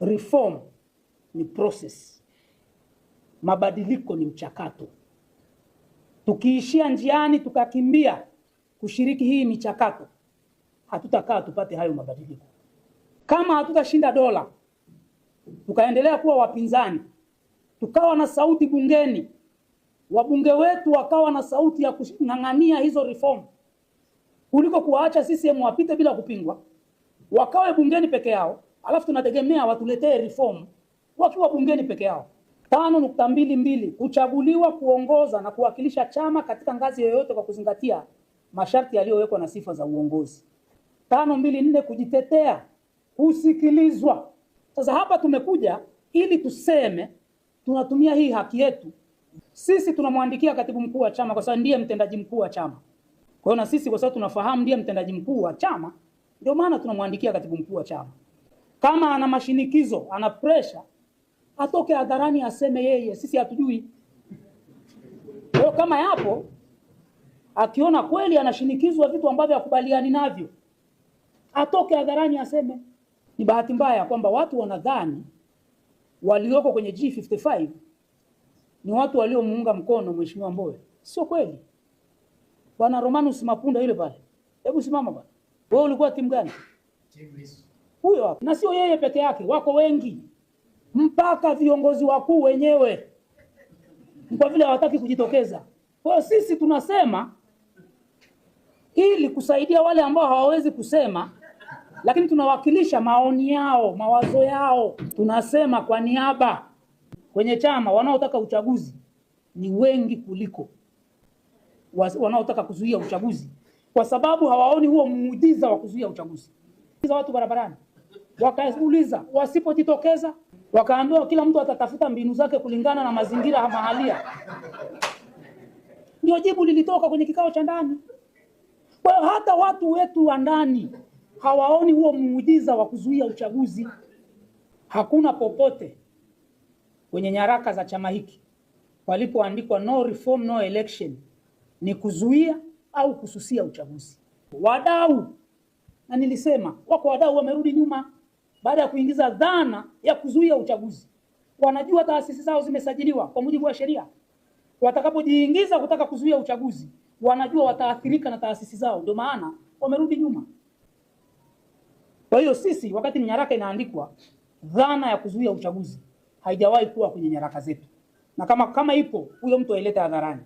Reform ni process, mabadiliko ni mchakato. Tukiishia njiani tukakimbia kushiriki hii michakato, hatutakaa tupate hayo mabadiliko. Kama hatutashinda dola, tukaendelea kuwa wapinzani, tukawa na sauti bungeni, wabunge wetu wakawa na sauti ya kung'ang'ania hizo reform, kuliko kuwaacha CCM wapite bila kupingwa, wakawe bungeni peke yao alafu tunategemea watuletee reform wakiwa bungeni peke yao. Tano nukta mbili mbili, kuchaguliwa kuongoza na kuwakilisha chama katika ngazi yoyote kwa kuzingatia masharti yaliyowekwa na sifa za uongozi. Tano mbili nne, kujitetea, kusikilizwa. Sasa hapa tumekuja ili tuseme tunatumia hii haki yetu. Sisi tunamwandikia katibu mkuu wa chama kwa sababu ndiye mtendaji mkuu wa chama. Kwa hiyo na sisi kwa sababu tunafahamu ndiye mtendaji mkuu wa chama, ndio maana tunamwandikia katibu mkuu wa chama. Kama ana mashinikizo, ana pressure, atoke hadharani aseme yeye, sisi hatujui. Kwa hiyo kama yapo, akiona kweli anashinikizwa vitu ambavyo hakubaliani navyo, atoke hadharani aseme. Ni bahati mbaya kwamba watu wanadhani walioko kwenye G55 ni watu waliomuunga mkono Mheshimiwa Mbowe. Sio kweli. Bwana Romanus Mapunda yule pale, hebu simama bwana, wewe ulikuwa timu gani? Timu Lissu huyo hapa, na sio yeye peke yake, wako wengi, mpaka viongozi wakuu wenyewe, kwa vile hawataki kujitokeza. Kwa hiyo sisi tunasema ili kusaidia wale ambao hawawezi kusema, lakini tunawakilisha maoni yao, mawazo yao. Tunasema kwa niaba kwenye chama, wanaotaka uchaguzi ni wengi kuliko wanaotaka kuzuia uchaguzi, kwa sababu hawaoni huo muujiza wa kuzuia uchaguzi. watu barabarani Wakauliza, wasipojitokeza wakaambiwa kila mtu atatafuta mbinu zake kulingana na mazingira mahalia. Ndio jibu lilitoka kwenye kikao cha ndani. Kwa hiyo hata watu wetu wa ndani hawaoni huo muujiza wa kuzuia uchaguzi. Hakuna popote kwenye nyaraka za chama hiki walipoandikwa no reform no election, ni kuzuia au kususia uchaguzi. Wadau na nilisema wako wadau wamerudi nyuma baada ya kuingiza dhana ya kuzuia uchaguzi. Wanajua taasisi zao zimesajiliwa kwa mujibu wa sheria, watakapojiingiza kutaka kuzuia uchaguzi wanajua wataathirika na taasisi zao, ndio maana wamerudi nyuma. Kwa hiyo sisi, wakati nyaraka inaandikwa, dhana ya kuzuia uchaguzi haijawahi kuwa kwenye nyaraka zetu, na kama kama ipo, huyo mtu ailete hadharani.